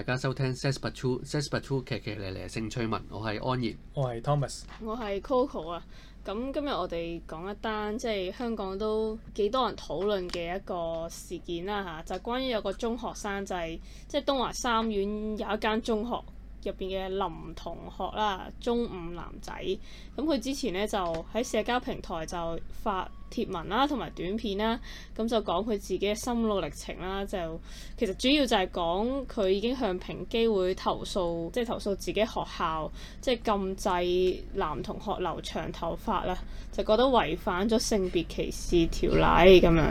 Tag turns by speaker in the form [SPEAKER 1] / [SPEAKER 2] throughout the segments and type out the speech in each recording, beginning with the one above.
[SPEAKER 1] 大家收聽 s s true, キキキ梨梨梨《Sex Patrol》，《Sex Patrol》劇劇嚟嚟性趣聞，我係安然，我係
[SPEAKER 2] Thomas，
[SPEAKER 3] 我係 Coco 啊。咁今日我哋講一單即係香港都幾多人討論嘅一個事件啦、啊、吓，就是，關於有個中學生就係即係東華三院有一間中學入邊嘅林同學啦，中五男仔。咁佢之前咧就喺社交平台就發貼文啦，同埋短片啦，咁就講佢自己嘅心路歷程啦。就其實主要就係講佢已經向平機會投訴，即係投訴自己學校即係禁制男同學留長頭髮啦，就覺得違反咗性別歧視條例咁樣。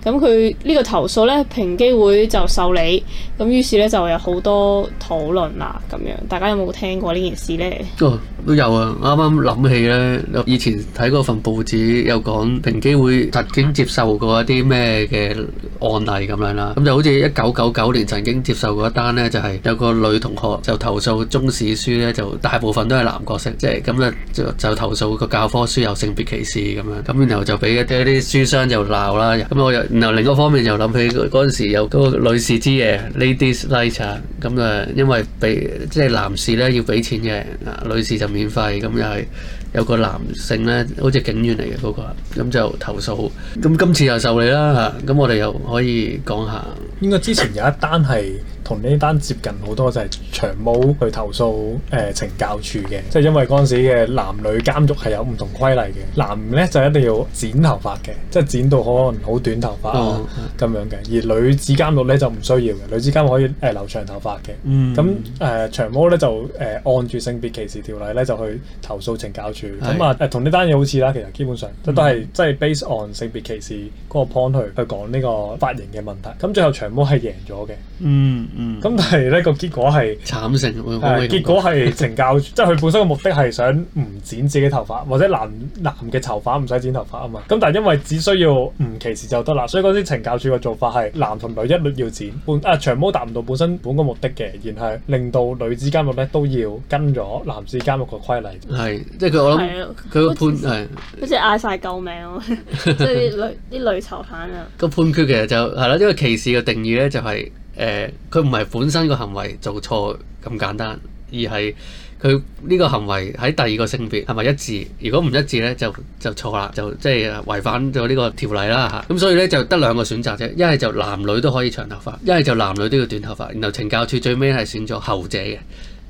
[SPEAKER 3] 咁佢呢個投訴咧，平機會就受理。咁於是咧就有好多討論啦，咁樣。大家有冇聽過呢件事咧？哦，
[SPEAKER 1] 都有啊，啱啱諗。氣咧，有以前睇嗰份報紙有講平機會曾經接受過一啲咩嘅案例咁樣啦，咁就好似一九九九年曾經接受過一單咧，就係有個女同學就投訴中史書咧，就大部分都係男角色，即係咁啊就就投訴個教科書有性別歧視咁樣，咁然後就俾啲書商就鬧啦，咁我又然後另一方面又諗起嗰陣時有個女士之夜 （ladies night） 咁啊，因為俾即係男士咧要俾錢嘅，女士就免費，咁又係。有個男性咧，那個、好似警員嚟嘅嗰個，咁就投訴。咁今次又受理啦，嚇！咁我哋又可以講下。
[SPEAKER 2] 應該之前有一單係。同呢單接近好多就係長毛去投訴誒、呃、懲教處嘅，即係因為嗰陣時嘅男女監獄係有唔同規例嘅，男咧就一定要剪頭髮嘅，即係剪到可能好短頭髮咁、啊哦、樣嘅，而女子監獄咧就唔需要嘅，女子監獄可以誒、呃、留長頭髮嘅。咁誒、嗯呃、長毛咧就誒、呃、按住性別歧視條例咧就去投訴懲教處，咁、嗯、啊誒同呢單嘢好似啦，其實基本上、嗯、都都係即係 base on 性別歧視嗰個 point 去、去講呢個髮型嘅問題。咁最後長毛係贏咗嘅，嗯。嗯，咁但係咧個結果係慘成，結果係懲教，即係佢本身嘅目的係想唔剪自己頭髮，或者男男嘅囚犯唔使剪頭髮啊嘛。咁但係因為只需要唔歧視就得啦，所以嗰啲懲教處嘅做法係男同女一律要剪，本啊長毛達唔到本身本個目的嘅，然後令到女子監獄咧都要跟咗男子監獄嘅規例。係，即係佢我諗佢個判係
[SPEAKER 3] 好似嗌晒救命咯，即係女啲女囚犯
[SPEAKER 1] 啊個判決其實就係啦，呢個歧視嘅定義咧就係。誒，佢唔係本身個行為做錯咁簡單，而係佢呢個行為喺第二個性別係咪一致？如果唔一致呢，就就錯啦，就即係、就是、違反咗呢個條例啦嚇。咁所以呢，就得兩個選擇啫，一係就男女都可以長頭髮，一係就男女都要短頭髮。然後懲教處最尾係選咗後者嘅，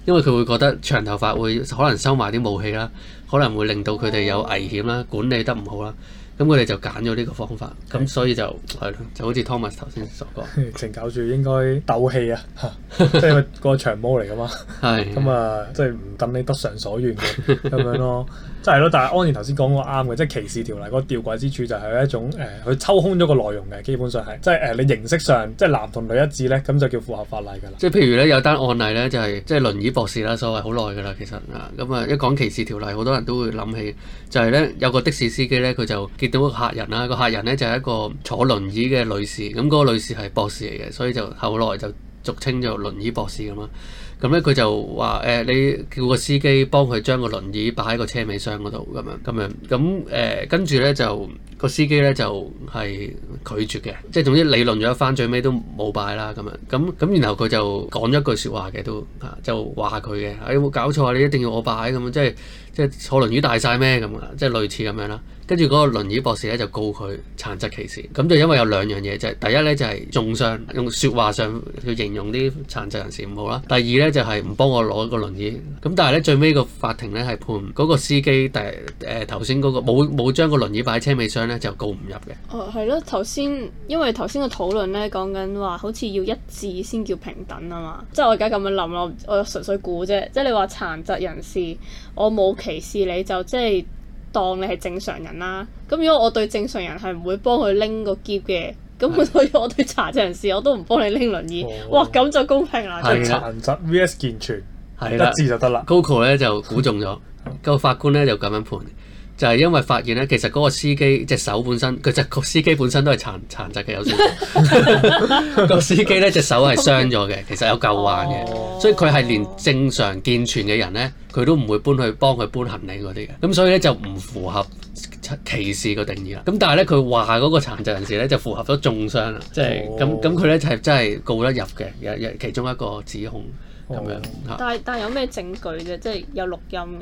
[SPEAKER 1] 因為佢會覺得長頭髮會可能收埋啲武器啦，可能會令到佢哋有危險啦，管理得唔好啦。咁佢哋就揀咗呢個方法，
[SPEAKER 2] 咁的所以就係咯，就好似 Thomas 頭先所講，成搞住應該鬥氣啊，啊即係個長毛嚟㗎嘛。係咁 的啊，即係唔等你得償所願咁 樣咯、啊。即係咯，但係安然頭先講個啱嘅，即係歧視條例、那個吊詭之處就係一種誒，佢、呃、抽空咗個內容嘅，基本上係即係誒你形式上即係男同女一致咧，咁就叫符合法例㗎啦、就是。
[SPEAKER 1] 即係譬如咧有單案例咧就係即係輪椅博士啦，所謂好耐㗎啦，其實啊，咁、嗯、啊一講歧視條例，好多人都會諗起就係、是、咧有個的士司機咧，佢就見到個客人啦，那個客人咧就係、是、一個坐輪椅嘅女士，咁、那、嗰個女士係博士嚟嘅，所以就後來就。俗稱就輪椅博士咁啊，咁咧佢就話誒、呃，你叫個司機幫佢將個輪椅擺喺個車尾箱嗰度，咁樣咁樣，咁誒跟住咧就。個司機咧就係拒絕嘅，即係總之理論咗一番，最尾都冇擺啦咁樣，咁咁然後佢就講咗一句説話嘅都嚇，就話佢嘅，你有冇搞錯啊？你一定要我擺咁啊？即係即係坐輪椅大晒咩咁啊？即係類似咁樣啦。跟住嗰個輪椅博士咧就告佢殘疾歧視。咁就因為有兩樣嘢啫，第一咧就係重傷用説話上去形容啲殘疾人士唔好啦，第二咧就係唔幫我攞個輪椅。咁但係咧最尾個法庭咧係判嗰個司機第誒頭先嗰個冇冇將個輪椅擺喺車尾箱。就告唔
[SPEAKER 3] 入嘅。哦、oh,，係咯，頭先因為頭先個討論咧，講緊話好似要一致先叫平等啊嘛。即係我而家咁樣諗啦，我純粹估啫。即係你話殘疾人士，我冇歧視你就即係、就是、當你係正常人啦。咁如果我對正常人係唔會幫佢拎個篋嘅，咁所以我對殘疾人士我都唔幫你拎輪椅。Oh, 哇，咁就公
[SPEAKER 1] 平啦。殘、哦、疾 V S 健全，係的的得知就得啦。g o k o 咧就估中咗，個 法官咧就咁樣判。就係因為發現咧，其實嗰個司機隻手本身，佢就個司機本身都係殘殘疾嘅有少個司機咧隻手係傷咗嘅，其實有舊患嘅，哦、所以佢係連正常健全嘅人咧，佢都唔會搬去幫佢搬行李嗰啲嘅。咁所以咧就唔符合歧視嘅定義啦。咁但係咧佢話嗰個殘疾人士咧就符合咗中傷啦，即係咁咁佢咧就係呢就係、真係告得入嘅，有其中一個指控咁樣、哦。但
[SPEAKER 3] 係但係有咩證據啫？即係有錄音嘅。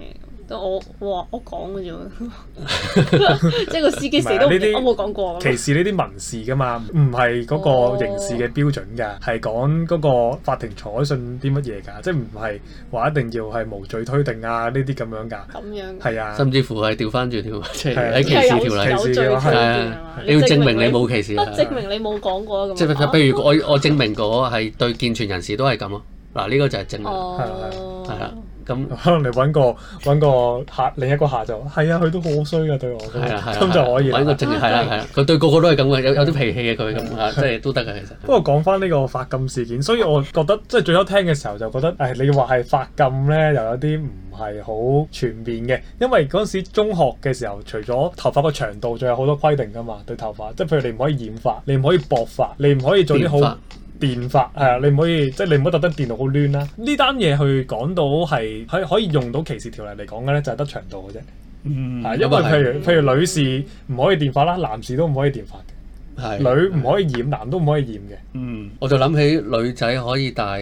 [SPEAKER 3] 我哇，我講嘅啫喎，即係個司機死都，我冇講過。歧
[SPEAKER 2] 視呢啲民事㗎嘛，唔係嗰個刑事嘅標準㗎，係講嗰個法庭採信啲乜嘢㗎，即係唔係話一定要係無罪推定啊呢啲咁樣㗎。咁樣。係啊，甚
[SPEAKER 1] 至乎係調翻轉條，即係喺歧視條例。係啊，你要證明你冇歧視啊。
[SPEAKER 3] 不證明你冇講
[SPEAKER 1] 過咁啊。即係譬如我我證明過係對健全人士都
[SPEAKER 2] 係咁咯。嗱呢個就係證明係係係啦。咁、嗯、可能你揾個揾個下另一個下就係啊，佢都好衰噶對我，咁、啊嗯、就可以啦。係啦，係佢對個個
[SPEAKER 1] 都係咁嘅，有有啲脾氣嘅，佢咁即係都得嘅其實。
[SPEAKER 2] 不過講返呢個髮禁事件，所以我覺得即係、就是、最初聽嘅時候就覺得，誒、哎、你話係髮禁咧，又有啲唔係好全面嘅，因為嗰陣時中學嘅時候，除咗頭髮個長度，仲有好多規定㗎嘛，對頭髮，即、就、係、是、譬如你唔可以染髮，你唔可以薄髮，你唔可以做啲好。電髮係啊，你唔可以即係你唔好特登電到好攣啦。呢單嘢去講到係可可以用到歧視條例嚟講嘅咧，就係得長度嘅
[SPEAKER 1] 啫。嗯，因為譬如譬如女
[SPEAKER 2] 士唔可以電髮啦，男士都唔可以電髮嘅。係女唔可以染，男都唔可以染嘅。嗯，
[SPEAKER 1] 我就諗起女仔可以戴，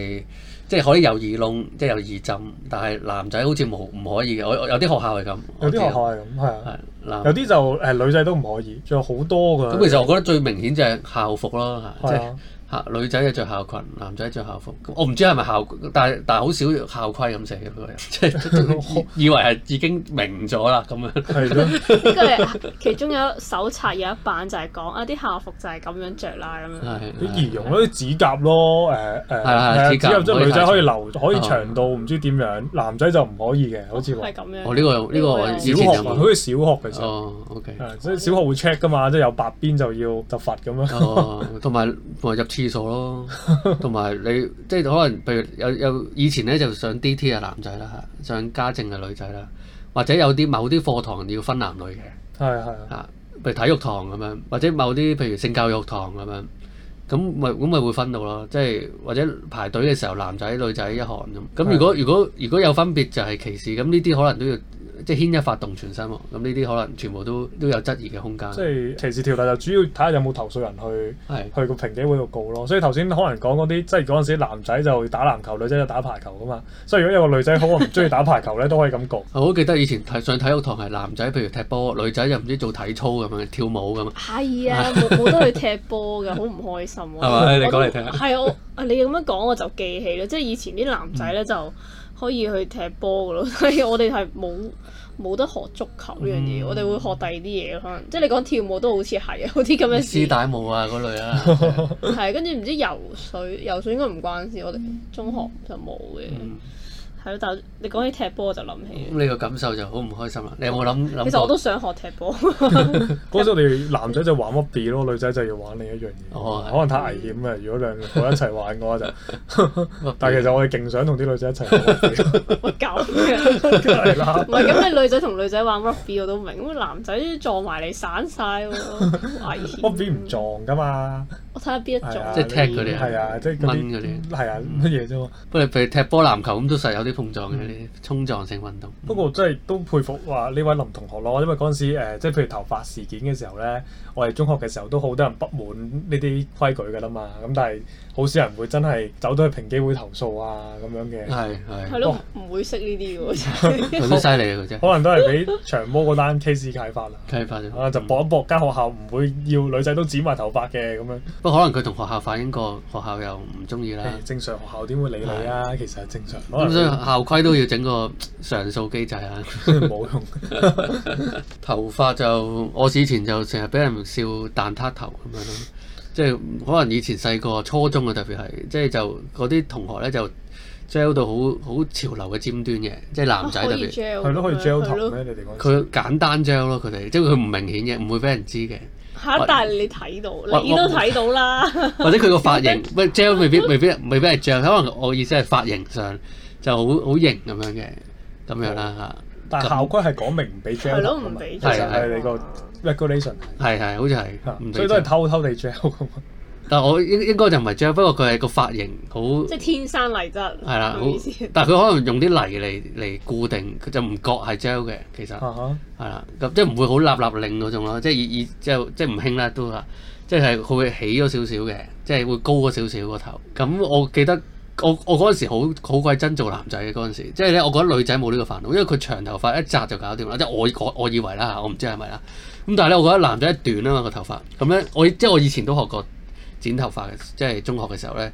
[SPEAKER 1] 即係可以有耳窿，即係有耳針，但係男仔好似冇唔可以嘅。我有啲學校係咁。
[SPEAKER 2] 有啲學校係咁，係啊。係。有啲就誒女仔都唔可以，仲有好多㗎。咁其實我
[SPEAKER 1] 覺得最明顯就係校服囉，即係。女仔嘅着校裙，男仔着校服。我唔知係咪校，但係但係好少校規咁寫嘅嗰個人，即係以為係已經
[SPEAKER 2] 明咗啦咁樣。係咯。跟
[SPEAKER 3] 住其中有手冊有一版就係講啊，啲校服就係咁樣着啦咁樣。
[SPEAKER 2] 係。儀容啲指甲咯，誒係係。指甲即係女仔可以留，可以長到唔知點樣，男仔就唔可以嘅，好似話。係咁樣。哦，呢個呢個小學啊，好似小學其實。哦，OK。係，所以小學會 check 噶嘛，即係有白邊就要就罰咁樣。哦。
[SPEAKER 1] 同埋同埋入前。廁所咯，同埋你即係可能，譬如有有以前咧就上 D.T. 係男仔啦，上家政係女仔啦，或者有啲某啲課堂要分男女嘅，係係啊，譬如體育堂咁樣，或者某啲譬如性教育堂咁樣，咁咪咁咪會分到咯，即係或者排隊嘅時候男仔女仔一行咁，咁如果 如果如果有分別就係歧視，咁呢啲可能都要。即
[SPEAKER 2] 係牽一發動全身喎，咁呢啲可能全部都都有質疑嘅空間。即係歧視條例就主要睇下有冇投訴人去 去個平機會度告咯。所以頭先可能講嗰啲，即係嗰陣時男仔就打籃球，女仔就打排球噶嘛。所以如果有個女仔好唔鍾意打排球咧，都可以咁告。 我好記得以前
[SPEAKER 1] 上體育堂係男仔，譬如踢波，女仔又唔知做體操咁樣跳舞噶嘛。係啊，冇得去
[SPEAKER 3] 踢波嘅，好唔開心喎。係嘛？你講嚟聽。係我，我你咁樣講我就記起啦，即係以前啲男仔咧就。 可以去踢波噶咯， 所以我哋係冇冇得學足球呢樣嘢，嗯、我哋會學第二啲嘢，可能即係你講跳舞都好似係啊，啲咁樣絲帶
[SPEAKER 1] 舞啊嗰類啊，
[SPEAKER 3] 係跟住唔知游水，游水應該唔關事，嗯、我哋中學就冇嘅。嗯嗯係咯，但你講起踢波我就諗起。咁、嗯、
[SPEAKER 1] 你個感受就好
[SPEAKER 2] 唔開心啦。你有冇諗諗？其實我都
[SPEAKER 3] 想學踢波。
[SPEAKER 2] 嗰時 我哋男仔就玩 rugby 咯，女仔就要玩另一樣嘢。哦、可能太危險啊！如果兩個一齊玩嘅話就， 比但係其實我哋勁想同啲女仔一齊。咪搞嘅，唔係，咁你
[SPEAKER 3] 女仔同女仔玩 rugby 我都明，咁男仔撞埋你散晒喎，
[SPEAKER 2] 好危險。rugby 唔撞噶嘛？
[SPEAKER 3] 我睇下邊一
[SPEAKER 2] 種，即係踢佢哋，係啊，即係掹佢哋，係啊，乜
[SPEAKER 1] 嘢啫？不過你譬如踢波、籃球咁都實有啲碰撞嘅啲、嗯、衝撞性運動。嗯、
[SPEAKER 2] 不過真係都佩服話呢位林同學咯，因為嗰陣時即係、呃、譬如頭髮事件嘅時候咧，我哋中學嘅時候都好多人不滿呢啲規矩噶啦嘛，咁但係。好少人會真係走到去平機會投訴啊咁樣嘅，係係，係咯，
[SPEAKER 3] 唔會識呢啲嘅，好犀利
[SPEAKER 2] 啊佢真，可能都係俾長毛嗰單 case 啟發啦，啟發就搏一搏，間學校唔會要女仔都剪埋頭髮嘅咁樣，不過
[SPEAKER 1] 可能佢同學校反映過，學校又唔中意啦。
[SPEAKER 2] 正常學校點會理你啊？其實正常，咁所以校
[SPEAKER 1] 規都要整個上訴機制啊，冇用。頭髮就我以前就成日俾人笑蛋撻頭咁樣。即係可能以前細個初中嘅特別係即係就嗰啲同學咧就 gel 到好好潮流嘅尖端嘅，即係男仔特別係咯，
[SPEAKER 2] 可以 gel 頭咧，你哋講
[SPEAKER 1] 佢簡單 gel 咯，佢哋即係佢唔明顯嘅，唔會俾人知嘅
[SPEAKER 3] 嚇。但係你睇到你都睇到啦。或者
[SPEAKER 1] 佢個髮型，唔 gel 未必未必未必係 gel。可能我意思係髮型上就好好型咁樣嘅，咁樣啦嚇。
[SPEAKER 2] 但係校規係講明唔俾 gel。係咯，唔俾 gel 係你
[SPEAKER 1] 個。regulation 係係好似係，的以所以都係偷偷地 gel 但係我應應該就唔係 gel 不過佢係個髮型好，
[SPEAKER 2] 即係天
[SPEAKER 3] 生麗質。
[SPEAKER 1] 係啦，好但係佢可能用啲泥嚟嚟固定，佢就唔覺係 gel 嘅。其實係啦，咁、uh huh. 即係唔會好立立令嗰種咯。即係以以即係即係唔興啦都啊，即係會起咗少少嘅，即係會高咗少少個頭。咁我記得。我我嗰陣時好好鬼真做男仔嘅，嗰陣時，即係咧，我覺得女仔冇呢個煩惱，因為佢長頭髮一紮就搞掂啦。即係我我我以為啦，我唔知係咪啦。咁但係咧，我覺得男仔短啊嘛，個頭髮咁樣，嗯，我即係我以前都學過剪頭髮嘅，即係中學嘅時候咧，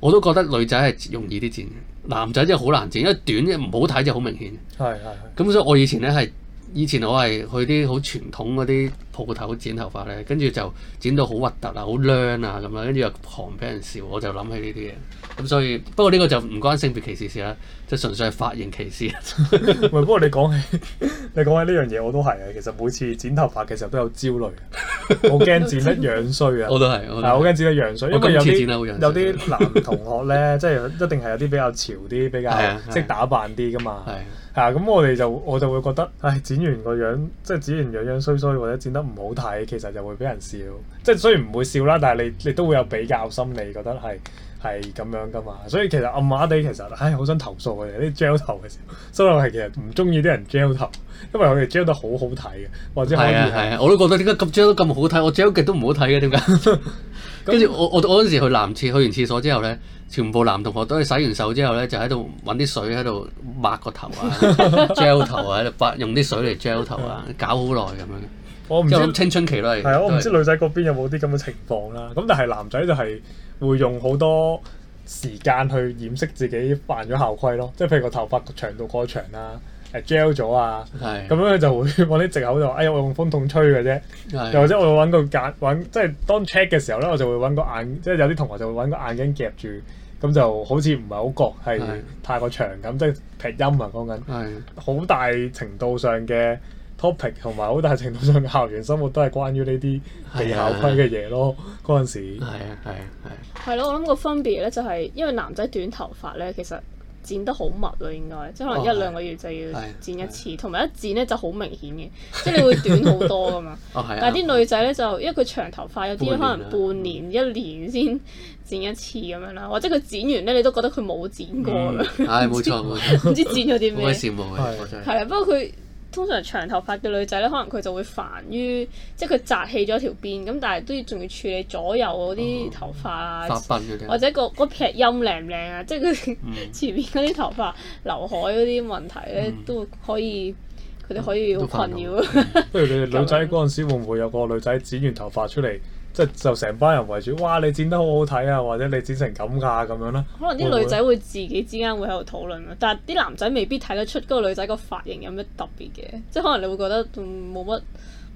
[SPEAKER 1] 我都覺得女仔係容易啲剪，男仔真係好難剪，因為短嘅唔好睇就好明顯。係係。咁所以，我以前咧係以前我係去啲好傳統嗰啲。鋪頭剪頭髮咧，跟住就剪到好核突啊，好僆啊咁樣，跟住又旁俾人笑，我就諗起呢啲嘢。咁所以不過呢個就唔關性別歧視事啦，即係純粹係髮型歧視。
[SPEAKER 2] 不過你講起你講起呢樣嘢，我都係啊。其實每次剪頭髮嘅時候都有焦慮，我好驚剪得樣衰啊！ 我都係，我好驚剪得樣衰，樣因為有啲 男同學咧，即係一定係有啲比較潮啲、比較識打扮啲噶嘛。係啊，咁我哋就我就會覺得，唉、哎，剪完個樣即係剪完樣樣衰衰，或者剪得～唔好睇，其實就會俾人笑，即係雖然唔會笑啦，但係你你都會有比較心理，覺得係係咁樣噶嘛。所以其實暗啞底，其實唉，好想投訴佢哋啲 gel 頭嘅時候，所以我係其實唔中意啲人 gel 頭，因為我哋 gel 得好好睇嘅，或者可以係、係啊係啊、我
[SPEAKER 1] 都覺得點解咁 gel 得咁好睇？我 gel 極都唔好睇嘅，點解？跟住 我我我嗰陣時去男廁，去完廁所之後咧，全部男同學都係洗完手之後咧，就喺度揾啲水喺度抹個頭啊，gel 頭啊，喺度用啲水嚟 gel 頭啊，搞好耐咁樣。
[SPEAKER 2] 我唔知青春期啦，係，係啊，我唔知女仔嗰邊有冇啲咁嘅情況啦。咁但係男仔就係會用好多時間去掩飾自己犯咗校規咯。即係譬如個頭髮長度過長啊，誒 gel 咗啊，咁是樣佢就會往啲藉口就呀、哎，我用風筒吹嘅啫。又是或者我揾個夾即係當 check 嘅時候咧，我就會揾個眼，即係有啲同學就會揾個眼鏡夾住，咁就好似唔係好覺係太過長咁，是即係劈音啊講緊，好是是大程度上嘅。同埋好大程度上，校園生活都係關於呢啲係校規嘅嘢咯。嗰陣時係
[SPEAKER 3] 啊係係係咯，我諗個分別咧就係，因為男仔短頭髮咧，其實剪得好密咯，應該即係可能一兩個月就要剪一次，同埋一剪咧就好明顯嘅，即係你會短好多㗎嘛。但係啲女仔咧就因為佢長頭髮，有啲可能半年一年先剪一次咁樣啦，或者佢剪完咧，你都覺得佢冇剪過。係冇錯
[SPEAKER 1] 冇錯，唔知剪咗啲咩？好羨慕啊！
[SPEAKER 3] 不過佢。通常長頭髮嘅女仔咧，可能佢就會煩於，即係佢紮起咗條辮，咁但係都要仲要處理左右嗰啲頭髮啊，哦、發或者個劈音陰靚唔靚啊，即係佢、嗯、前面嗰啲頭髮、劉海嗰啲問題咧，嗯、都可以佢哋可以好困擾。嗯、
[SPEAKER 2] 不如你哋女仔嗰陣時，會唔會有個女仔剪完頭髮出嚟？即係就成班人圍住，哇！你剪得好好睇啊，或者你剪成咁㗎咁樣啦、啊。樣可
[SPEAKER 3] 能啲女仔會自己之間會喺度討論咯，但係啲男仔未必睇得出嗰個女仔個髮型有咩特別嘅，即係可能你會覺得冇乜。嗯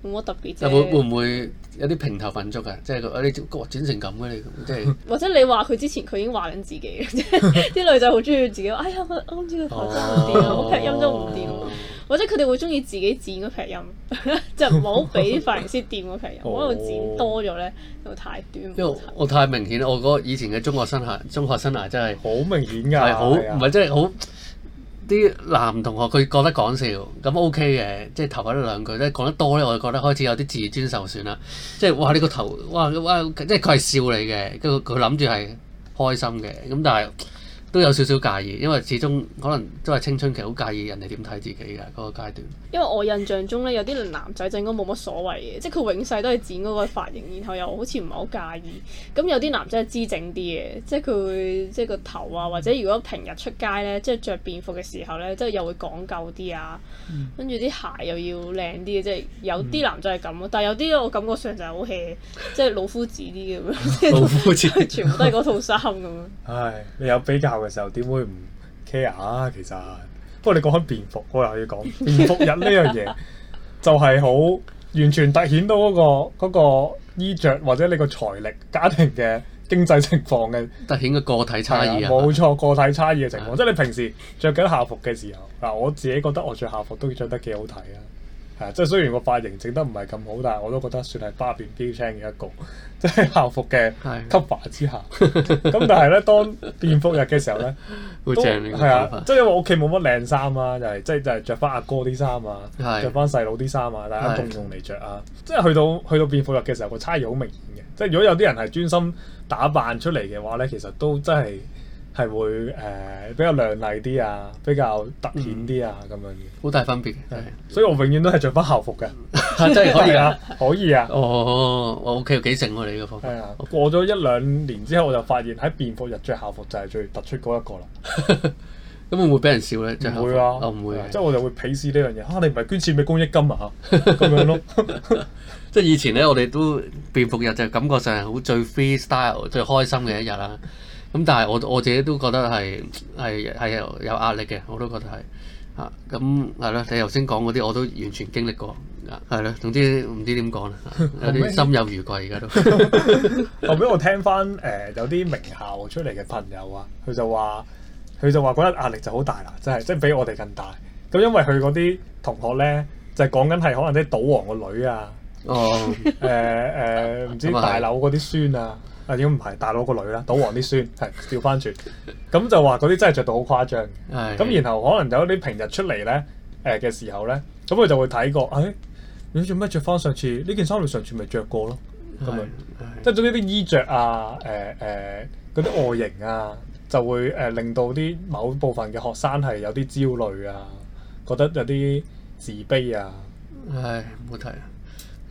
[SPEAKER 3] 冇乜特別啫。會會唔
[SPEAKER 1] 會有啲平頭笨足啊？即係嗰啲剪成咁嘅你即係
[SPEAKER 3] 或者你話佢之前佢已經話緊自己，嘅，即係啲女仔好中意自己。哎呀我，我唔知佢頭真係唔掂，我、哦、劈音都唔掂。或者佢哋會中意自己剪個劈音， 就唔好俾髮型師掂個劈音，因為、哦、剪多咗咧就太短。
[SPEAKER 1] 因為我太明顯啦，我覺得以前嘅中學生涯，中學生涯真係好明顯㗎，係好唔係真係好。啲男同學佢覺得講笑咁 OK 嘅，即係投一兩句咧。講得多咧，我就覺得開始有啲自尊受損啦。即係哇，你個頭哇哇，即係佢係笑你嘅，跟住佢諗住係開心嘅。咁但係。都有少少介意，因為始終可能都係青春期，好介意人哋點睇自己嘅嗰、嗰個階段。
[SPEAKER 3] 因為我印象中咧，有啲男仔整都冇乜所謂嘅，即係佢永世都係剪嗰個髮型，然後又好似唔係好介意。咁有啲男仔係姿整啲嘅，即係佢即係個頭啊，或者如果平日出街咧，即係着便服嘅時候咧，即係又會講究啲啊。跟住啲鞋又要靚啲嘅，即係有啲男仔係咁咯。嗯、但係有啲我感覺上就好 hea，即係老夫子啲咁樣， 老夫子 全部都係嗰套衫咁樣。
[SPEAKER 2] 唉、 哎，你有比較嘅時候點會唔 care 啊？其實不過你講開便服，我又要講便服 日，呢樣嘢就係好完全凸顯到嗰、嗰個嗰個衣着，或者你個財力家庭嘅經濟情況嘅凸顯嘅個體差異啊！冇、啊、錯，個體差異嘅情況，即係 你平時著緊校服嘅時候嗱， 我自己覺得我着校服都着得幾好睇啊！係，即係雖然個髮型整得唔係咁好，但係我都覺得算係 b a r 標青嘅一個，即 係校服嘅 cover 之下。咁 但係咧，當便服日嘅時候咧， 都係啊，即係因為屋企冇乜靚衫啊，就係即係又係著翻阿哥啲衫啊，着翻細佬啲衫啊，大家共用嚟着啊。是的 嗯、即係去到去到便服日嘅時候，個差異好明顯嘅。即係如果有啲人係專心打扮出嚟嘅話咧，其實都真係。係會誒比較亮麗啲啊，比較突顯啲啊咁樣嘅，好大分別嘅。所以，我永遠都係着返校服嘅，真係可以啊，可以啊。
[SPEAKER 1] 哦，我屋企幾靜
[SPEAKER 2] 喎，你呢個房？係啊，過咗一兩年之後，我就發現喺便服日着校服就係最突出嗰一個啦。咁會唔會俾人笑咧？唔會啊，我唔會。即係我就會鄙視呢樣嘢。嚇，你唔係捐錢俾公益金啊？嚇，咁樣
[SPEAKER 1] 咯。即係以前咧，我哋都便服日就感覺上係好最 freestyle、最開心嘅一日啦。咁但係我我自己都覺得係係係有有壓力嘅，我都覺得係啊。咁係咯，你頭先講嗰啲我都完全經歷過啊。係咯，總之唔知點講啦，有啲心有餘悸而家都。
[SPEAKER 2] 後尾我聽返誒有啲名校出嚟嘅朋友啊，佢就話佢就話覺得壓力就好大啦，就係即係比我哋更大。咁因為佢嗰啲同學咧就係講緊係可能啲賭王個女啊、 呃，哦誒誒唔知就是 大樓嗰啲孫啊。啊，如果唔係大佬個女啦，賭王啲孫，係掉翻轉，咁就話嗰啲真係着到好誇張嘅。咁 然後可能有啲平日出嚟咧，誒嘅時候咧，咁佢就會睇過，誒、哎、你做咩着返上次呢件衫？你上次咪着過咯，咁樣即係對呢啲衣着啊，誒誒嗰啲外形啊，就會誒令到啲某部分嘅學生係有啲焦慮啊，覺得有啲自卑啊。 唉，唔好睇啊！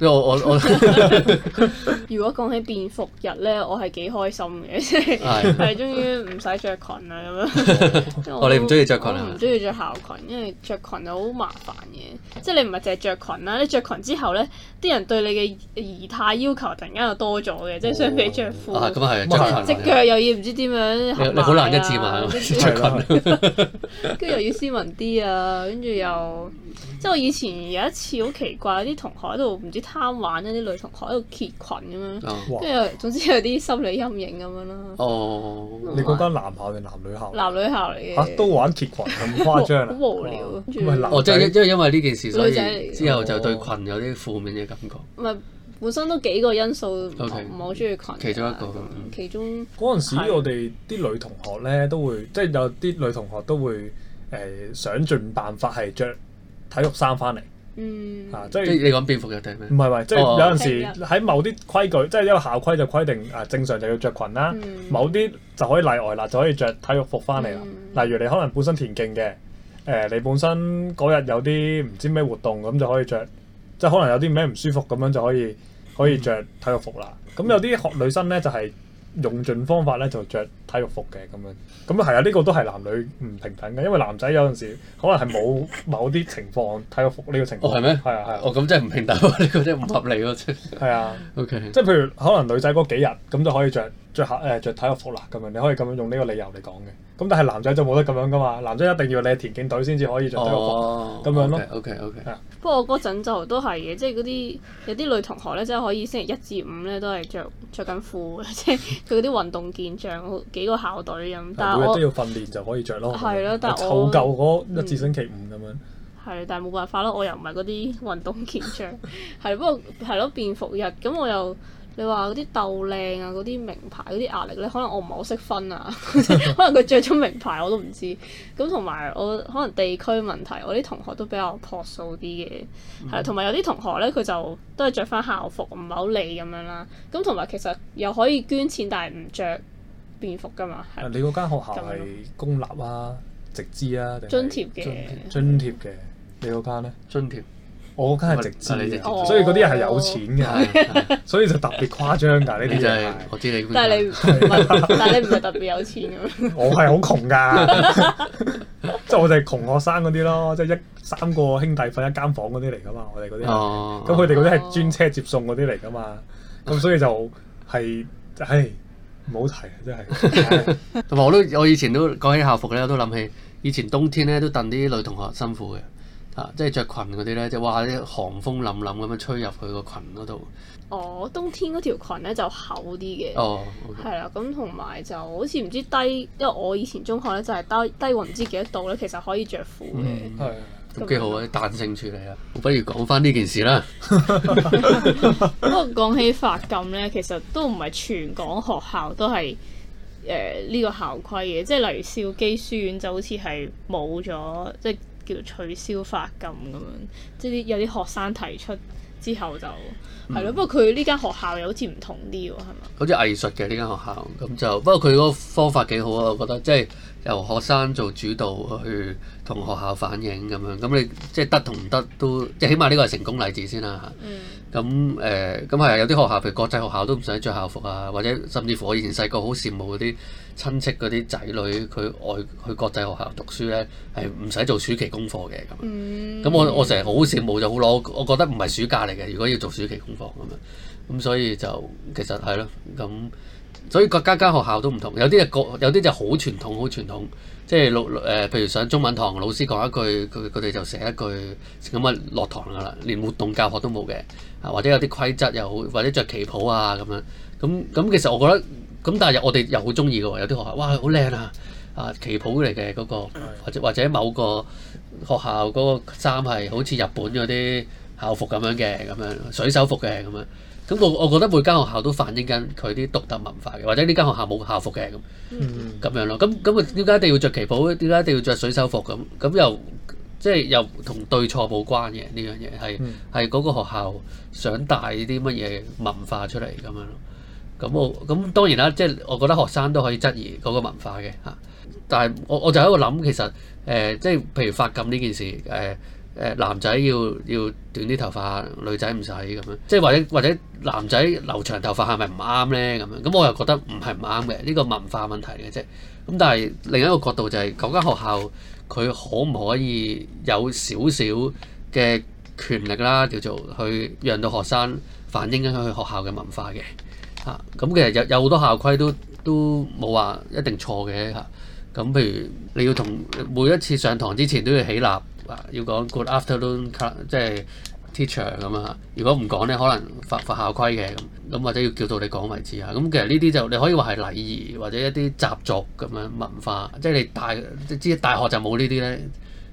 [SPEAKER 2] 我我 如
[SPEAKER 3] 果講起便服日咧，我係幾開心嘅，即係係終於唔使着裙啦咁
[SPEAKER 1] 樣。 哦，你唔中意着裙唔中
[SPEAKER 3] 意着校裙，因為着裙就好麻煩嘅。即係你唔係淨係着裙啦，你着裙之後咧，啲人對你嘅儀態要求突然間又多咗嘅，即係相比着褲。咁啊係，著裙。隻腳又要唔知點樣。好難一字馬啊，著裙。跟住、 啊、 又要斯文啲啊，跟住又，又，即係我以前有一次好奇怪，啲同學喺度唔知。貪玩一啲女同學喺度揭裙咁樣，跟住總之有啲心理陰影咁樣咯。
[SPEAKER 2] 哦，你覺得男校定男女校？
[SPEAKER 3] 男女校嚟嘅。嚇，
[SPEAKER 1] 都玩揭裙，咁誇張啊！
[SPEAKER 3] 好無聊。
[SPEAKER 1] 唔係哦，即係因為呢件事所
[SPEAKER 3] 以之後就對
[SPEAKER 2] 裙有啲負面嘅感覺。
[SPEAKER 3] 唔係，本身都幾個因素唔好，唔好鍾意裙。其
[SPEAKER 2] 中一個。
[SPEAKER 3] 其中。嗰
[SPEAKER 2] 陣時，我哋啲女同學咧都會，即係有啲女同學都會誒想盡辦法係着體育衫翻嚟。嗯，啊，即係你講便服嘅定咩？唔係唔係，即係有陣時喺某啲規矩，即係一個校規就規定，啊正常就要着裙啦。嗯、某啲就可以例外啦，就可以着體育服翻嚟啦。嗯、例如你可能本身田徑嘅，誒、呃、你本身嗰日有啲唔知咩活動咁就可以着，即係可能有啲咩唔舒服咁樣就可以可以著體育服啦。咁有啲學女生咧就係用盡方法咧就着。體育服嘅咁樣，咁啊係啊，呢、這個都係男女唔平等嘅，因為男仔有陣時可能係冇某啲情況 體育服呢個情況，係咩、哦？係啊係啊，哦咁真係唔平等喎，呢個真係唔合理喎，真係。係啊，OK，即係譬如可能女仔嗰幾日咁就可以着著下着著體育服啦咁樣，你可以咁樣用呢個理由嚟講嘅。咁但係男仔就冇得咁樣噶嘛，男仔一定要你係田徑隊先至可以着體育服咁樣咯。OK OK，
[SPEAKER 3] 不過我嗰陣就都係嘅，即係嗰啲有啲女同學咧，即係可以星期一至五咧都係着著緊褲，即係佢嗰啲運動健將。幾個校隊咁，但係我都要訓練
[SPEAKER 2] 就可以着咯，係咯。但係我湊夠嗰一次星期五咁樣
[SPEAKER 3] 係、嗯，但係冇辦法咯。我又唔係嗰啲運動健將，係 不過係咯。便服日咁我又你話嗰啲鬥靚啊，嗰啲名牌嗰啲壓力咧，可能我唔係好識分啊。 可能佢著咗名牌我都唔知。咁同埋我可能地區問題，我啲同學都比較樸素啲嘅，係啦。同埋、嗯、有啲同學咧，佢就都係著翻校服，唔係好理咁樣啦。咁同埋其實又可以捐錢，但係唔著。
[SPEAKER 2] 便服㗎嘛？係你嗰間學校係公立啊、直資啊定？津貼嘅津貼嘅，你嗰間咧？津貼，我嗰間係直資，所以嗰啲人係有錢㗎，所以就特別誇張㗎。呢啲就係我知你，但係你，但
[SPEAKER 3] 係
[SPEAKER 2] 你唔係特別有錢咁。我係好窮㗎，即係我哋係窮學生嗰啲咯，即係一三個兄弟瞓一間房嗰啲嚟㗎嘛。我哋嗰啲，咁佢哋嗰啲係專車接送嗰啲嚟㗎嘛。咁所以就係，係。冇
[SPEAKER 1] 提啊！真係，同埋我都我以前都講起校服咧，我都諗起以前冬天咧都戥啲女同學辛苦嘅。啊，即係着裙嗰啲咧，就哇啲寒風凛凛咁樣吹入去個裙嗰度。
[SPEAKER 3] 哦，冬天嗰條裙咧就厚啲嘅。哦，係、okay. 啦，咁同埋就好似唔知低，因為我以前中學咧就係低低溫唔知幾多度咧，其實可以着褲嘅。嗯
[SPEAKER 1] 都幾好啊！彈性處理啊，不如講翻呢件事啦。
[SPEAKER 3] 不過講起髮禁咧，其實都唔係全港學校都係誒呢個校規嘅，即係例如少基書院就好似係冇咗，即係叫取消髮禁咁樣。即係有啲學生提出之後就係咯，不過佢呢間學校又好似唔同啲喎，係嘛？
[SPEAKER 1] 好似藝術嘅呢間學校咁就，不過佢嗰個方法幾好啊，我覺得即係。由學生做主導去同學校反映咁樣，咁你即係得同唔得都，即係起碼呢個係成功例子先啦、啊、嚇。咁誒、嗯，咁係、嗯嗯、有啲學校，譬如國際學校都唔使着校服啊，或者甚至乎我以前細個好羨慕嗰啲親戚嗰啲仔女，佢外去國際學校讀書咧，係唔使做暑期功課嘅咁。咁我我成日好羨慕就好囉，我覺得唔係暑假嚟嘅，如果要做暑期功課咁樣。咁所以就其實係咯，咁。嗯嗯嗯所以各家間學校都唔同，有啲就個，有啲就好傳統，好傳統，即係老老誒，譬如上中文堂，老師講一句，佢佢哋就寫一句咁啊落堂㗎啦，連活動教學都冇嘅，啊或者有啲規則又好，或者着旗袍啊咁樣，咁、啊、咁其實我覺得，咁但係我哋又好中意嘅喎，有啲學校，哇好靚啊，啊旗袍嚟嘅嗰個，或者或者某個學校嗰個衫係好似日本嗰啲校服咁樣嘅，咁樣水手服嘅咁樣。咁我我覺得每間學校都反映緊佢啲獨特文化嘅，或者呢間學校冇校服嘅咁，咁樣咯。咁咁啊，點解一定要着旗袍？點解一定要着水手服？咁咁又即係又同對錯冇關嘅呢樣嘢，係係嗰個學校想帶啲乜嘢文化出嚟咁樣咯。咁我咁當然啦，即係我覺得學生都可以質疑嗰個文化嘅吓。但係我我就喺度諗，其實誒、呃，即係譬如髮禁呢件事誒。呃誒男仔要要短啲頭髮，女仔唔使咁樣，即係或者或者男仔留長頭髮係咪唔啱咧咁樣？咁我又覺得唔係唔啱嘅，呢個文化問題嘅啫。咁但係另一個角度就係嗰間學校佢可唔可以有少少嘅權力啦，叫做去讓到學生反映影響佢學校嘅文化嘅嚇。咁、啊、其實有有好多校規都都冇話一定錯嘅嚇。咁、啊、譬、啊、如你要同每一次上堂之前都要起立。要講 Good afternoon，即係 teacher 咁樣！如果唔講咧，可能罰罰校規嘅咁，咁或者要叫到你講為止啊！咁其實呢啲就你可以話係禮儀或者一啲習俗咁樣文化，即係你大即係大學就冇呢啲呢。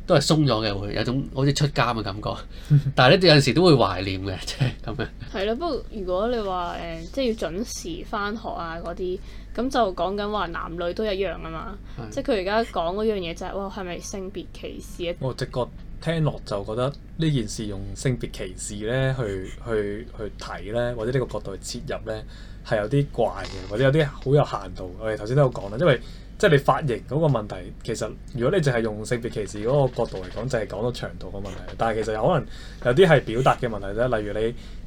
[SPEAKER 1] 都係鬆咗嘅，會有種好似出監嘅感覺。但係咧，有陣時都會懷念嘅，即係咁樣。
[SPEAKER 3] 係咯，不過如果你話誒，即係要準時返學啊嗰啲，咁就講緊話男女都一樣啊嘛。即係佢而家講嗰樣嘢就係哇，係咪性別歧視啊？
[SPEAKER 2] 我直覺聽落就覺得呢件事用性別歧視咧去去去睇咧，或者呢個角度去切入咧，係有啲怪嘅，或者有啲好有限度。我哋頭先都有講啦，因為。即係你髮型嗰個問題，其實如果你淨係用性別歧視嗰個角度嚟講，就係講到長度嘅問題。但係其實有可能有啲係表達嘅問題啫，例如你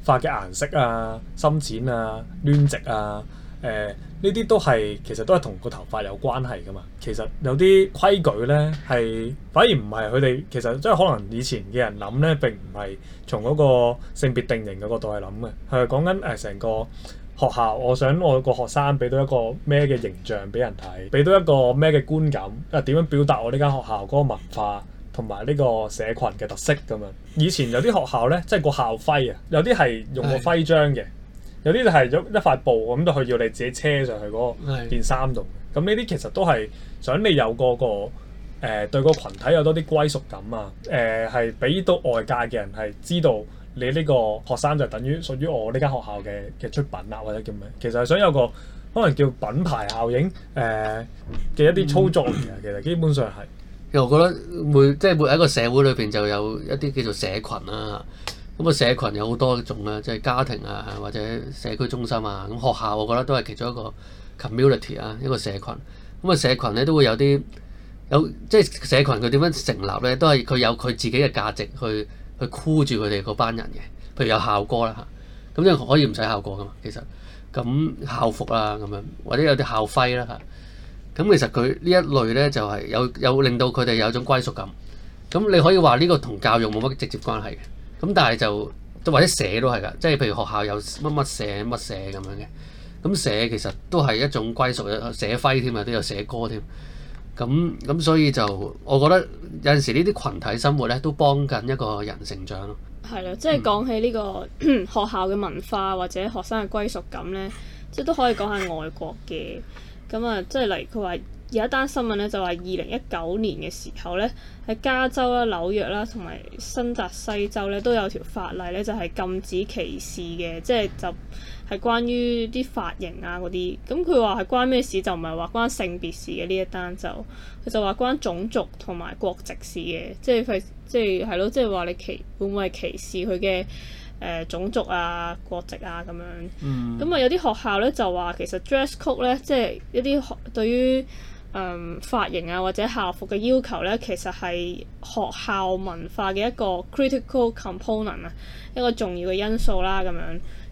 [SPEAKER 2] 髮嘅顏色啊、深淺啊、攣直啊，誒呢啲都係其實都係同個頭髮有關係噶嘛。其實有啲規矩咧係反而唔係佢哋其實即係可能以前嘅人諗咧並唔係從嗰個性別定型嘅角度去諗嘅，佢係講緊誒成個。學校，我想我個學生俾到一個咩嘅形象俾人睇，俾到一個咩嘅觀感，啊點樣表達我呢間學校嗰個文化同埋呢個社群嘅特色咁樣。以前有啲學校咧，即係個校徽啊，有啲係用個徽章嘅，有啲就係有一塊布咁就去要你自己車上去嗰個件衫度。咁呢啲其實都係想你有個個誒、呃、對個羣體有多啲歸屬感啊。誒係俾到外界嘅人係知道。你呢個學生就等於屬於我呢間學校嘅嘅出品啦、啊，或者叫咩？其實係想有個可能叫品牌效應，誒、呃、嘅一啲操作嚟嘅。其實
[SPEAKER 1] 基本上係。嗯嗯嗯、其實我覺得每即係、就是、每一個社會裏邊就有一啲叫做社群啦、啊。咁啊社群有好多種啊，即、就、係、是、家庭啊，或者社區中心啊。咁學校我覺得都係其中一個 community 啊，一個社群。咁啊社群咧都會有啲有即係、就是、社群佢點樣成立咧，都係佢有佢自己嘅價值去。去箍住佢哋嗰班人嘅，譬如有校歌啦嚇，咁即係可以唔使校歌噶嘛，其實，咁校服啦咁樣，或者有啲校徽啦嚇，咁其實佢呢一類咧就係有有令到佢哋有種歸屬感，咁你可以話呢個同教育冇乜直接關係嘅，咁但係就，或者社都係噶，即係譬如學校有乜乜社乜社咁樣嘅，咁社其實都係一種歸屬嘅社徽添啊，都有社歌添。咁咁所以就我覺得有陣時呢啲群體生活咧都幫緊一個人成長咯。
[SPEAKER 3] 係咯，即係講起呢、這個、嗯、學校嘅文化或者學生嘅歸屬感咧，即係都可以講下外國嘅。咁啊，即係例如佢話有一單新聞咧，就話二零一九年嘅時候咧，喺加州啦、紐約啦同埋新澤西州咧都有條法例咧，就係、是、禁止歧視嘅，即係就。係關於啲髮型啊嗰啲，咁佢話係關咩事就唔係話關性別事嘅呢一單就，佢就話關種族同埋國籍事嘅，即係佢，即係係咯，即係話你歧會唔會歧視佢嘅誒種族啊、國籍啊咁樣。咁啊、嗯、有啲學校咧就話其實 dress code 咧，即、就、係、是、一啲學對於誒、嗯、髮型啊或者校服嘅要求咧，其實係學校文化嘅一個 critical component 啊，一個重要嘅因素啦、啊、咁樣。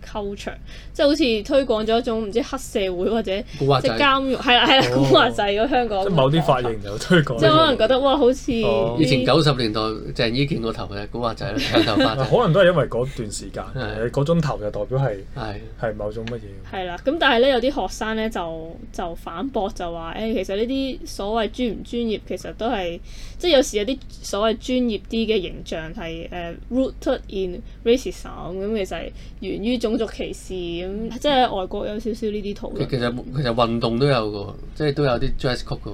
[SPEAKER 3] Culture，即係好似推廣咗一種唔知黑社會或者
[SPEAKER 2] 即係監
[SPEAKER 3] 獄，係啦係啦，古惑仔嘅香港。即係
[SPEAKER 2] 某啲髮型就推廣，即係可能
[SPEAKER 3] 覺得哇，好似以前九十
[SPEAKER 2] 年代鄭伊健個頭嘅古惑仔咧，長頭髮就。可能都係因為嗰段時間，嗰種頭就代表係係係某種乜嘢。
[SPEAKER 3] 係啦，咁但係咧有啲學生咧就就反駁就話誒其實呢啲所謂專唔專業其實都係即係有時有啲所謂專業啲嘅形象係誒 rooted in racism，咁其實係源於種。種族歧視咁，即係外國有少
[SPEAKER 1] 少呢啲圖其實其實運動都有嘅，即係都有啲 dress code 嘅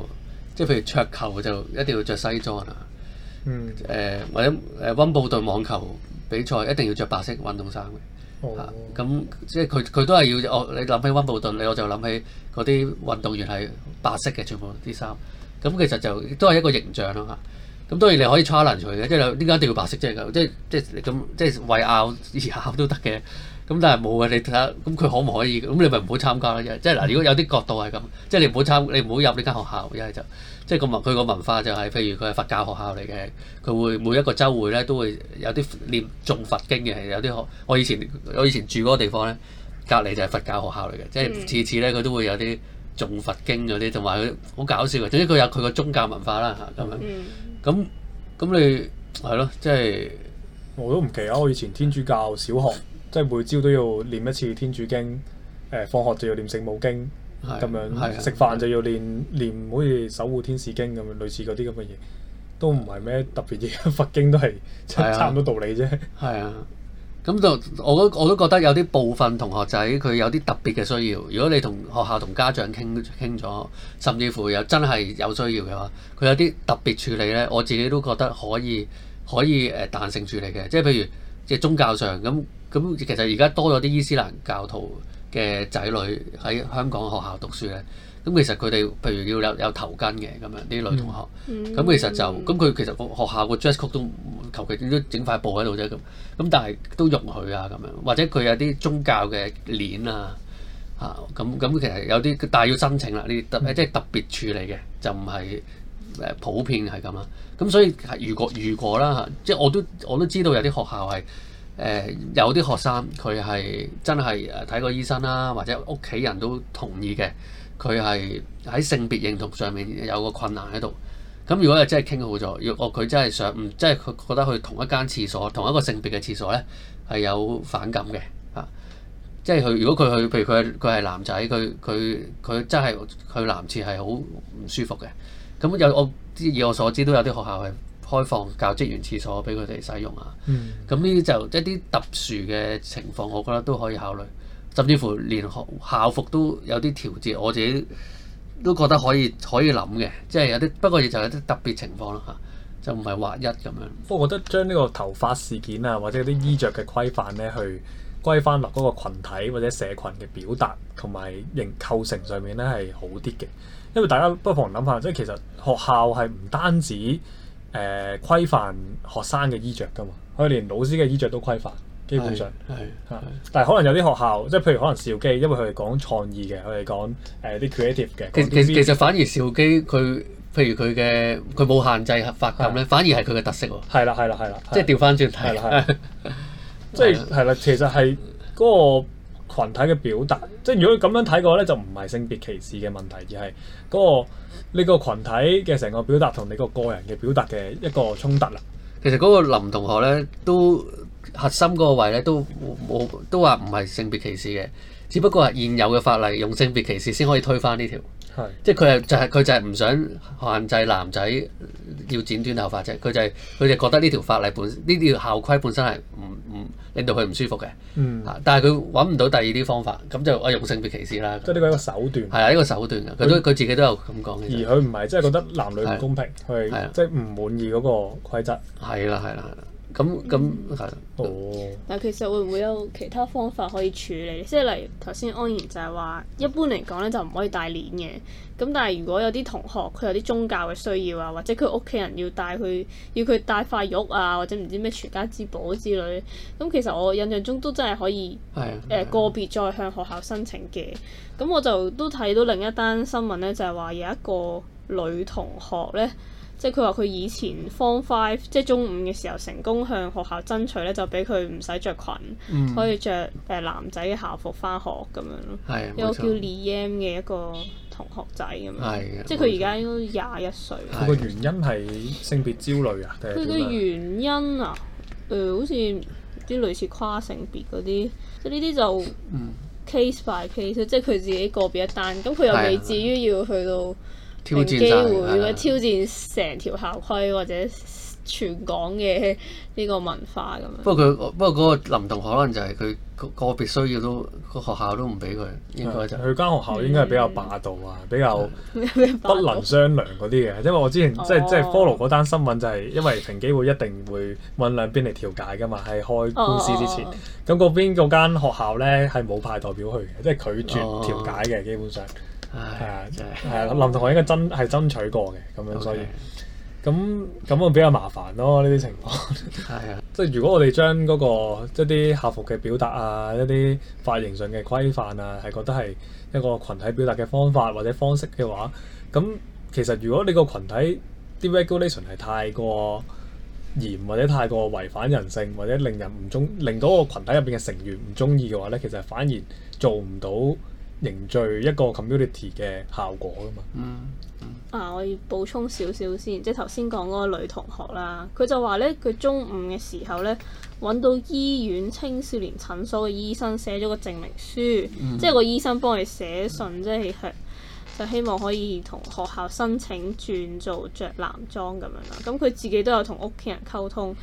[SPEAKER 1] 即係譬如桌球就一定要着西裝啊。嗯。誒、呃，或者誒溫布頓網球比賽一定要着白色運動衫嘅、哦啊。哦。咁即係佢佢都係要我你諗起溫布頓，我就諗起嗰啲運動員係白色嘅全部啲衫。咁，、嗯，、其實就都係一個形象啦吓。咁，、啊，、當然你可以 challenge 佢嘅，即係點解一定要白色啫。即係即係咁即係為拗而拗都得嘅。咁但係冇啊！你睇下，咁佢可唔可以？咁你咪唔好參加啦。即係嗱，如果有啲角度係咁，即係你唔好參，你唔好入呢間學校。一係就即係個文佢個文化就係，譬如佢係佛教學校嚟嘅，佢會每一個周會咧都會有啲念重佛經嘅，有啲學我以前我以前住嗰個地方咧，隔離就係佛教學校嚟嘅，即係次次咧佢都會有啲重佛經嗰啲，同埋佢好搞笑嘅。總之佢有佢個宗教文化啦嚇，咁樣
[SPEAKER 2] 咁咁、嗯嗯、你係咯，即係、就是、我都唔奇啊！我以前天主教小學。即係每朝都要唸一次天主經，誒放學就要唸聖母經，咁是樣食的飯就要唸唸，練好似守護天使經咁樣，類似嗰啲咁嘅嘢，都唔係咩特別嘢，佛經都係差唔多道理啫。係啊，咁就、 啊、
[SPEAKER 1] 我我都覺得有啲部分同學仔佢有啲特別嘅需要，如果你同學校同家長傾傾咗，甚至乎有真係有需要嘅話，佢有啲特別處理咧，我自己都覺得可以可以誒彈性處理嘅，即係譬如。即係宗教上咁咁，其實而家多咗啲伊斯蘭教徒嘅仔女喺香港學校讀書咧。咁其實佢哋譬如要有有頭巾嘅咁樣啲女同學，咁、嗯嗯、其實就咁佢其實個學校個 dress code 都求其都整塊布喺度啫咁。咁但係都容許啊咁樣，或者佢有啲宗教嘅鏈啊嚇咁咁，啊、其實有啲但係要申請啦呢啲特即係特別處理嘅，就唔係。普遍係咁啊。咁所以如果如果啦嚇，即係我都我都知道有啲學校係誒、呃、有啲學生佢係真係誒睇個醫生啦，或者屋企人都同意嘅，佢係喺性別認同上面有個困難喺度。咁如果係真係傾好咗，如果佢真係想，唔即係佢覺得去同一間廁所同一個性別嘅廁所咧係有反感嘅啊！即係佢如果佢佢譬如佢佢係男仔，佢佢佢真係去男廁係好唔舒服嘅。咁有我以我所知都有啲學校係開放教職員廁所俾佢哋使用啊。咁呢啲就、就是、一啲特殊嘅情況，我覺得都可以考慮，甚至乎連校服都有啲調節，我自己都覺得可以可以諗嘅。即、就、係、是、有啲不過亦就有啲特別情況啦嚇，
[SPEAKER 2] 就唔係話一劃一咁樣。我覺得將呢個頭髮事件啊，或者啲衣着嘅規範咧，去歸翻落嗰個羣體或者社群嘅表達同埋形構成上面咧係好啲嘅。因為大家不妨諗下，即係其實學校係唔單止誒、呃、規範學生嘅衣着噶嘛，佢連老師嘅衣着都規範，基本上係。 但係可能有啲學校，即係譬如可能兆基，因為佢係講創意嘅，佢、嗯、哋講誒、啊、啲 creative 嘅。 其實其實反而兆基佢，譬如佢嘅佢冇限制法呢。夾咧， 反而係佢嘅特色。係啦係啦係啦，即係調翻轉。係啦係。即係係啦，其實係嗰個。群體嘅表達，即係如果咁樣睇過咧，就唔係性別歧視嘅問題，而係嗰個呢個群體嘅成個表達同你個個人嘅表達嘅一個衝突啦。其實嗰個林同學咧，都核心嗰個位咧都
[SPEAKER 1] 冇，都話唔係性別歧視嘅，只不過係現有嘅法例用性別歧視先可以推翻呢條。即係佢係就係佢就係唔想限制男仔要剪短頭髮啫，佢就係、是、佢就覺得呢條法例本呢條校規本身係唔唔令到佢唔舒服嘅。嗯，但係佢揾唔到第二啲方法，咁就我用性別歧視啦。即係呢個一個手段。係啊，一、這個手段嘅，佢都佢佢自己都有咁講，而佢唔係即係覺得男女唔公
[SPEAKER 2] 平，佢即係唔滿
[SPEAKER 1] 意嗰個規則。係啦，係啦，係啦。咁咁係哦，嗯嗯、
[SPEAKER 3] 但係其實會唔會有其他方法可以處理？即係例如頭先安然就係話，一般嚟講咧就唔可以帶鏈嘅。咁但係如果有啲同學佢有啲宗教嘅需要啊，或者佢屋企人要帶佢要佢帶塊玉啊，或者唔知咩傳家之寶之類，咁其實我印象中都真係可以誒個別再向學校申請嘅。咁我就都睇到另一單新聞咧，就係話有一個女同學咧。即係佢話佢以前 Form Five，即係中五嘅時候成功向學校爭取咧，就俾佢唔使着裙，嗯、可以着誒男仔嘅校服翻學咁樣咯。嗯、有個叫李 M 嘅一個同學仔咁樣，嗯、即係佢而家應該廿一歲。佢個、嗯嗯嗯嗯、
[SPEAKER 2] 原因係性別焦慮啊？佢嘅原
[SPEAKER 3] 因啊，誒、呃、好似啲類似跨性別嗰啲，即係呢啲就 case by case，嗯、即係佢自己個別一單，咁佢又未至於要去到。
[SPEAKER 1] 平機會，如果挑
[SPEAKER 3] 戰成條校區或者全港嘅呢個文化咁樣，不過佢
[SPEAKER 1] 不過嗰個林同學可能
[SPEAKER 2] 就係佢個個別需要都個學校都唔俾佢，應該就佢間學校應該係比較霸道啊，比較不能商量嗰啲嘅。因為我之前即即 follow 嗰單新聞就係因為平機會一定會搵兩邊嚟調解㗎嘛，係開官司之前，咁嗰邊嗰間學校咧係冇派代表去嘅，即拒絕調解嘅，基本上係啊，真係係林同學應該爭係爭取過嘅，咁樣所以。咁咁啊比較麻煩咯，呢啲情況係 是啊，即係如果我哋將嗰、嗰個即一啲客服嘅表達啊，一啲髮型上嘅規範啊，係覺得係一個群體表達嘅方法或者方式嘅話，咁其實如果你個群體啲 regulation 係太過嚴或者太過違反人性或者令人唔中令到個群體入邊嘅成員唔中意嘅話咧，其實反而做唔到。凝聚一個 community 嘅效果啊嘛，嗯。嗯。啊，我
[SPEAKER 3] 要補充少少先，即係頭先講嗰個女同學啦，佢就話咧，佢中午嘅時候咧，揾到醫院青少年診所嘅醫生寫咗個證明書，嗯、即係個醫生幫佢寫信即係、嗯、就希望可以同學校申請轉做着男裝咁樣啦。咁佢自己都有同屋企人溝通，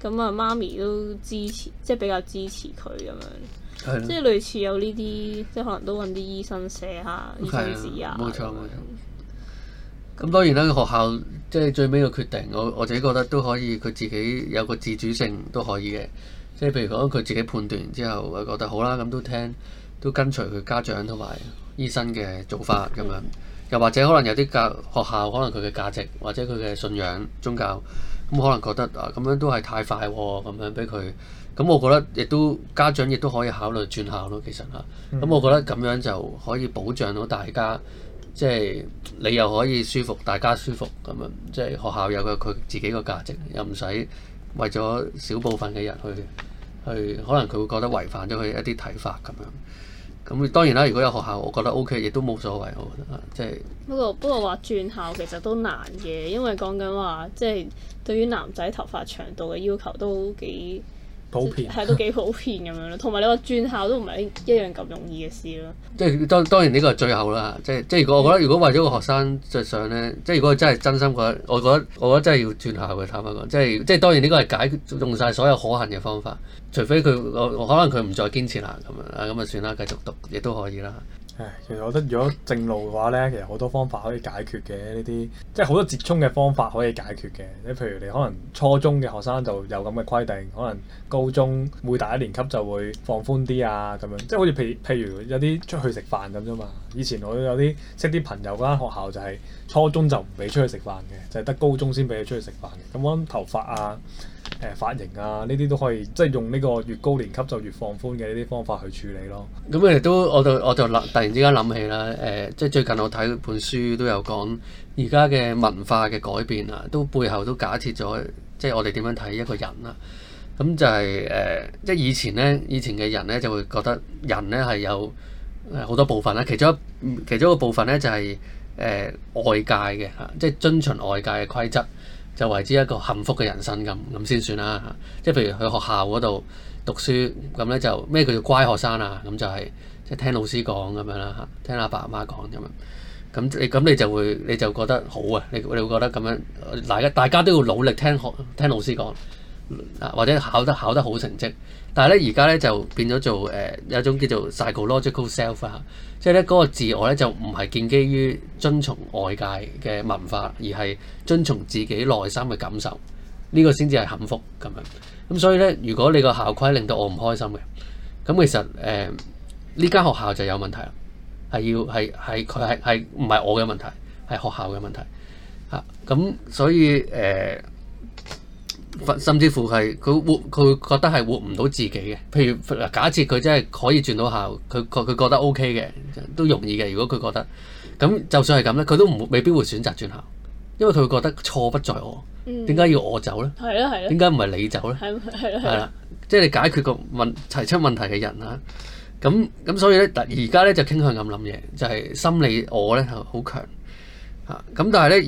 [SPEAKER 3] 咁啊媽咪都支持，即係比較支持佢
[SPEAKER 1] 咁樣。即係
[SPEAKER 3] 類似有呢啲，即係可能都搵啲醫生寫下啲紙啊，冇錯冇錯。
[SPEAKER 1] 咁樣。咁當然啦，學校即係最尾嘅決定，我我自己覺得都可以，佢自己有個自主性都可以嘅。即係譬如講，佢自己判斷之後，覺得好啦，咁都聽，都跟隨佢家長同埋醫生嘅做法咁樣。嗯、又或者可能有啲教學校，可能佢嘅價值或者佢嘅信仰宗教，咁可能覺得啊，咁樣都係太快喎，咁樣俾佢。咁我覺得亦都家長亦都可以考慮轉校咯。其實嚇，咁我覺得咁樣就可以保障到大家，即係你又可以舒服，大家舒服咁樣，即係學校有佢佢自己個價值，又唔使為咗少部分嘅人去去，可能佢會覺得違反咗佢一啲睇法咁樣。咁當然啦，如果有學校我覺得 OK，亦都冇所謂，我覺得，OK，覺得即係。
[SPEAKER 3] 不過不過話轉校其實都難嘅，因為講緊話即係、就是、對於男仔頭髮長度嘅要求都幾。
[SPEAKER 1] 普遍係都幾
[SPEAKER 3] 普遍咁樣咯，同埋你話轉校都唔係一樣咁容易嘅事
[SPEAKER 1] 咯。 即係當當然呢個係最後啦。即係即係如果我覺得如果為咗個學生着想咧，即係如果真係真心覺得，我覺得我覺得真係要轉校嘅。坦白講，即係即係當然呢個係解決用晒所有可行嘅方法，除非佢我可能佢唔再堅持啦咁樣啊，咁啊算啦，繼續讀亦都可以啦。其
[SPEAKER 2] 實我覺得如果正路嘅話呢，其實好多方法可以解決嘅呢啲，即係好多折衷嘅方法可以解決嘅。你譬如你可能初中嘅學生就有咁嘅規定，可能高中每大一年級就會放寬啲啊咁樣，即係好似譬譬如有啲出去食飯咁啫嘛。以前我有啲識啲朋友間學校就係初中就唔俾出去食飯嘅，就係、是、得高中先俾你出去食飯嘅。咁講頭髮啊～誒髮、呃、型啊，呢啲都可以即係用呢個越高年級就越放寬嘅呢啲方法去處理咯。
[SPEAKER 1] 咁你都，我就我就突然之間諗起啦。誒、呃，即係最近我睇本書都有講，而家嘅文化嘅改變啊，都背後都假設咗，即係我哋點樣睇一個人啊。咁就係、是、誒、呃，即係以前咧，以前嘅人咧就會覺得人咧係有誒好多部分啦，其中一其中一個部分咧就係、是、誒、呃、外界嘅嚇，即係遵循外界嘅規則。就為之一個幸福嘅人生咁咁先算啦，即係譬如去學校嗰度讀書咁咧，就咩叫做乖學生啊？咁就係、是、即係聽老師講咁樣啦，聽阿爸阿媽講咁樣，咁你咁你就會你就覺得好啊，你你會覺得咁樣大家大家都要努力聽學聽老師講，或者考得考得好成績，但係咧而家咧就變咗做誒、呃、有一種叫做 psychological self 啊，即係咧嗰個自我咧就唔係建基於遵從外界嘅文化，而係遵從自己內心嘅感受，呢、呢個先至係幸福咁樣。咁所以咧，如果你個校規令到我唔開心嘅，咁、嗯、其實誒呢間學校就有問題啦，係要係係佢係係唔係我嘅問題，係學校嘅問題啊。咁、嗯、所以誒。呃甚至乎係佢活，佢覺得係活唔到自己嘅。譬如假設佢真係可以轉到校，佢佢覺得 OK 嘅，都容易嘅。如果佢覺得，咁就算係咁咧，佢都唔未必會選擇轉校，因為佢會覺得錯不在我。點解要我走咧？係啦係啦。點解唔係你走咧？
[SPEAKER 3] 係啦係啦。
[SPEAKER 1] 即係你解決個問、提出問題嘅人啦。咁咁所以咧，而家咧就傾向咁諗嘢，就係心理我咧係好強。咁但係咧，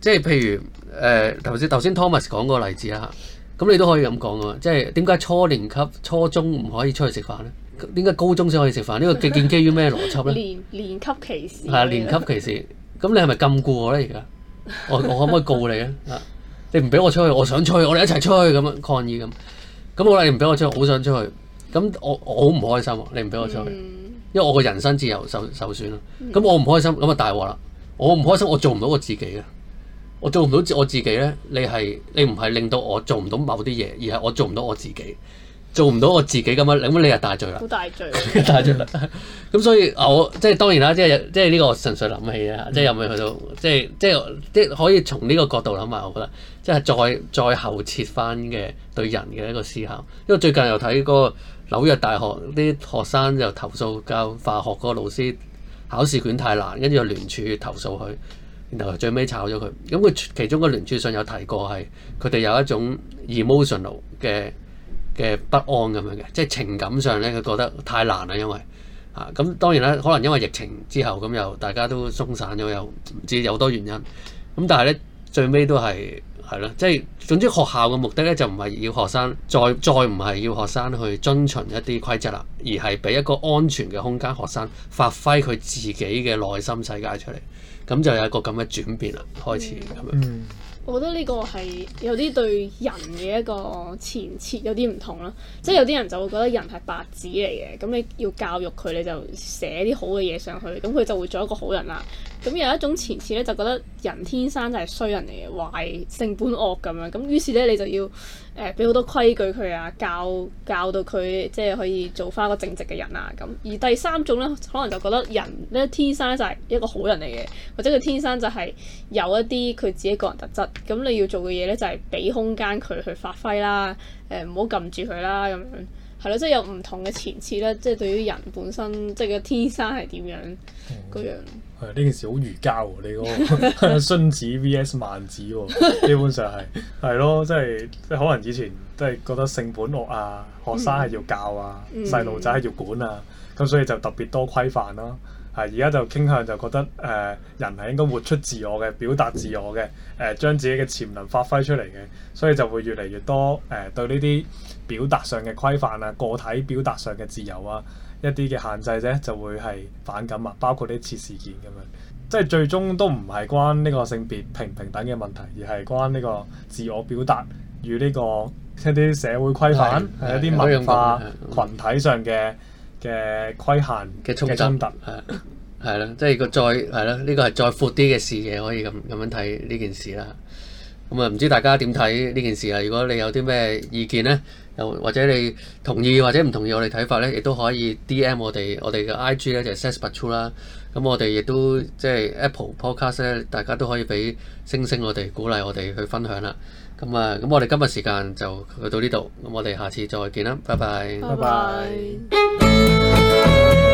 [SPEAKER 1] 即係譬如誒頭、呃、先頭先 Thomas 講個例子啦，咁你都可以咁講喎，即係點解初年級初中唔可以出去食飯咧？點解高中先可以食飯呢？呢、這個建建基於咩邏輯咧？年
[SPEAKER 3] 年級歧視，係啊，年級歧視。
[SPEAKER 1] 咁 你係咪禁錮我咧？而家我我可唔可以告你啊， 你唔俾我出去，我想出去，我哋一齊出去咁樣抗議咁。咁我話你唔俾我出去，好想出去。咁我我好唔開心啊！你唔俾我出去，嗯、因為我個人身自由受受損啦。咁、嗯、我唔開心，咁啊大鑊啦！我唔開心，我做唔到我自己咧。我做唔到我自己咧。你係你唔係令到我做唔到某啲嘢，而係我做唔到我自己，做唔到我自己咁樣。咁你又大罪啦。好大罪。 大罪了。咁 所以我即係當然啦，即係即係呢個純粹諗起啫。即係又未去到，即係即係即係可以從呢個角度諗下，我覺得即係、就是、再再後設翻嘅對人嘅一個思考。因為最近又睇嗰紐約大學啲學生又投訴教化學嗰老師，考試卷太難，跟住又聯署投訴佢，然後最尾炒咗佢。咁佢其中個聯署信有提過係，佢哋有一種 emotional 嘅嘅不安咁樣嘅，即係情感上咧，佢覺得太難啦，因為嚇咁、啊、當然啦，可能因為疫情之後咁又大家都鬆散咗，又唔知有多原因。咁但係咧，最尾都係。係咯，即係總之學校嘅目的咧，就唔係要學生再再，唔係要學生去遵循一啲規則啦，而係俾一個安全嘅空間學生發揮佢自己嘅內心世界出嚟，咁就有一個咁嘅轉變啦，開始咁樣。嗯
[SPEAKER 3] 我覺得呢個係有啲對人嘅一個前設有啲唔同囉，嗯、即係有啲人就會覺得人係白紙嚟嘅，咁你要教育佢，你就寫啲好嘅嘢上去，咁佢就會做一個好人啦。咁有一種前設咧，就覺得人天生就係衰人嚟嘅，壞性本惡咁樣，咁於是咧你就要。誒俾好多規矩佢啊，教教到佢即係可以做翻個正直嘅人啊咁。而第三種咧，可能就覺得人咧天生就係一個好人嚟嘅，或者佢天生就係有一啲佢自己個人特質。咁你要做嘅嘢咧就係、是、俾空間佢去發揮啦，誒唔好撳住佢啦咁樣。係咯，即係有唔同嘅前設咧，即係對於人本身，即係個天生係點樣嗰樣。
[SPEAKER 2] 呢件事好儒家，你、個荀 子 VS 萬子、啊，基本上係係咯，即係即係可能以前即係覺得性本惡啊，學生係要教啊，細路仔係要管啊，咁所以就特別多規範咯。係而家就傾向就覺得誒、呃、人係應該活出自我嘅，表達自我嘅，誒、呃、將自己嘅潛能發揮出嚟嘅，所以就會越嚟越多誒、呃、對呢啲表達上嘅規範啊，個體表達上嘅自由啊。一啲嘅限制啫，就會係反感啊！包括呢次事件咁樣，即係最終都唔係關呢個性別平平等嘅問題，而係關呢個自我表達與呢個一啲社會規範、係一啲文化群體上嘅嘅規限嘅衝、嗯、突。係啦是、嗯，即係、個再
[SPEAKER 1] 係啦，呢個係再闊啲嘅視野，可以咁咁樣睇呢件事啦。咁啊，唔知大家點睇呢件事啊？如果你有啲咩意見呢，又或者你同意或者唔同意我哋睇法呢，亦都可以 DM 我哋，我哋嘅 IG 咧就 Says But True 啦。咁我哋亦都即係 Apple Podcast 咧，大家都可以俾星星我哋，鼓勵我哋去分享啦。咁啊，咁我哋今日時間就去到呢度。咁我哋下次再見啦，拜拜，拜拜，拜拜。拜
[SPEAKER 3] 拜。